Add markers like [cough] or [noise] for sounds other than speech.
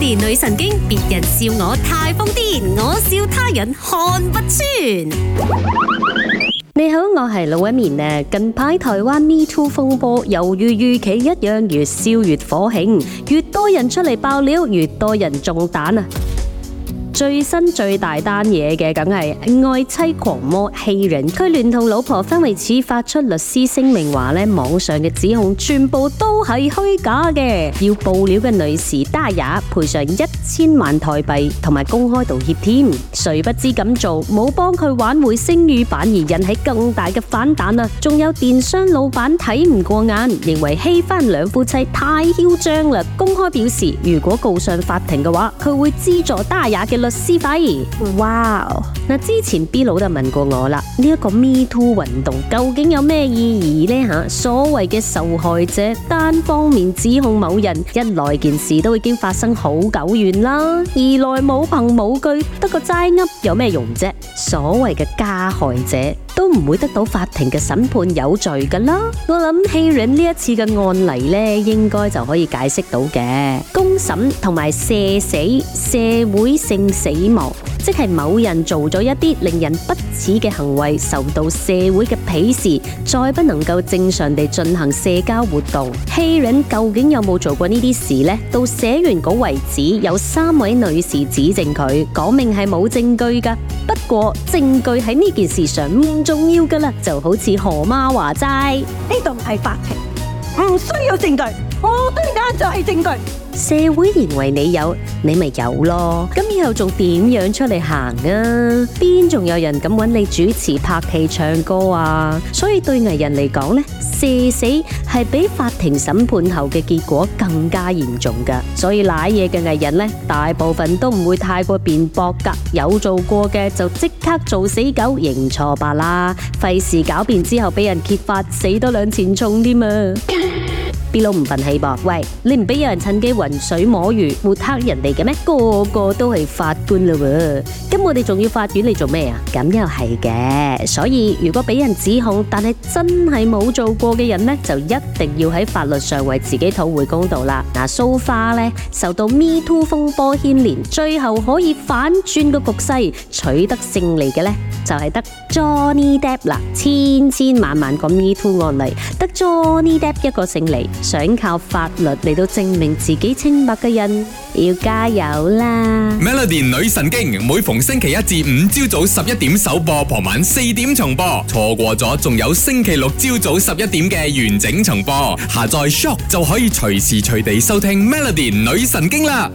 連女神經，別人笑我太瘋癲，我笑他人看不穿。你好，我係龍紋敏啊！近排台灣 Me Too 風波，猶如預期一樣，越燒越火慶，越多人出嚟爆料，越多人中彈啊！最新最大單嘢嘅，梗係愛妻狂魔希潤，佢聯同老婆分為此發出律師聲明，話咧，網上嘅指控全部都係虛假嘅，要爆料嘅女士 d 丹 a 賠償一千萬台幣，同埋公開道歉添。誰不知咁做冇幫佢挽回聲譽，反而引起更大嘅反彈啊！仲有電商老闆睇唔過眼，認為欺翻兩夫妻太囂張啦，公開表示如果告上法庭嘅話，佢會資助 d 丹 a 嘅私弊，哇！ [noise] Wow. 之前 B 老就問過我啦，呢、這、一個 Me Too 運動究竟有咩意義呢？吓，所謂嘅受害者單方面指控某人，一來件事都已經發生好久遠啦，二來冇憑冇據，得個齋噏有咩用啫？所謂嘅加害者。都唔會得到法庭嘅審判有罪㗎啦，我諗 Healing 呢一次嘅案例呢，應該就可以解釋到嘅公審同埋社死、社會性死亡。即係某人做咗一啲令人不齒嘅行為，受到社會嘅鄙視，再不能夠正常地進行社交活動。希倫究竟有冇做過呢啲事呢？到寫完稿為止，有三位女士指證佢，講明係冇證據噶。不過證據喺呢件事上唔重要噶啦，就好似何媽話齋，呢度係法庭，唔需要證據，我對眼就係證據。社會認為你有，你咪有咯。咁以後仲點樣出嚟行啊？邊仲有人敢揾你主持拍戲唱歌啊？所以對藝人嚟講呢，社死係比法庭審判後嘅結果更加嚴重噶。所以賴嘢嘅藝人呢，大部分都唔會太過辯駁噶。有做過嘅就即刻做死狗認錯罷啦，費事狡辯之後俾人揭發，死多兩錢重添啊！老唔忿氣噃？喂，你唔俾有人趁機渾水摸魚，抹黑人哋嘅咩？個個都係法官啦，咁我哋仲要法院嚟做咩啊？咁又係嘅，所以如果俾人指控，但係真係冇做過嘅人咧，就一定要喺法律上為自己討回公道啦。嗱，so far 咧受到 Me Too 風波牽連，最後可以反轉個局勢取得勝利嘅咧，就係得 Johnny Depp 啦。千千萬萬個 Me Too 案例，得 Johnny Depp 一個勝利。想靠法律嚟到證明自己清白嘅人，要加油啦！Melody 女神經每逢星期一至五朝早十一點首播，傍晚四點重播，錯過咗仲有星期六朝早十一點嘅完整重播。下載 shop 就可以隨時隨地收聽 Melody 女神經啦！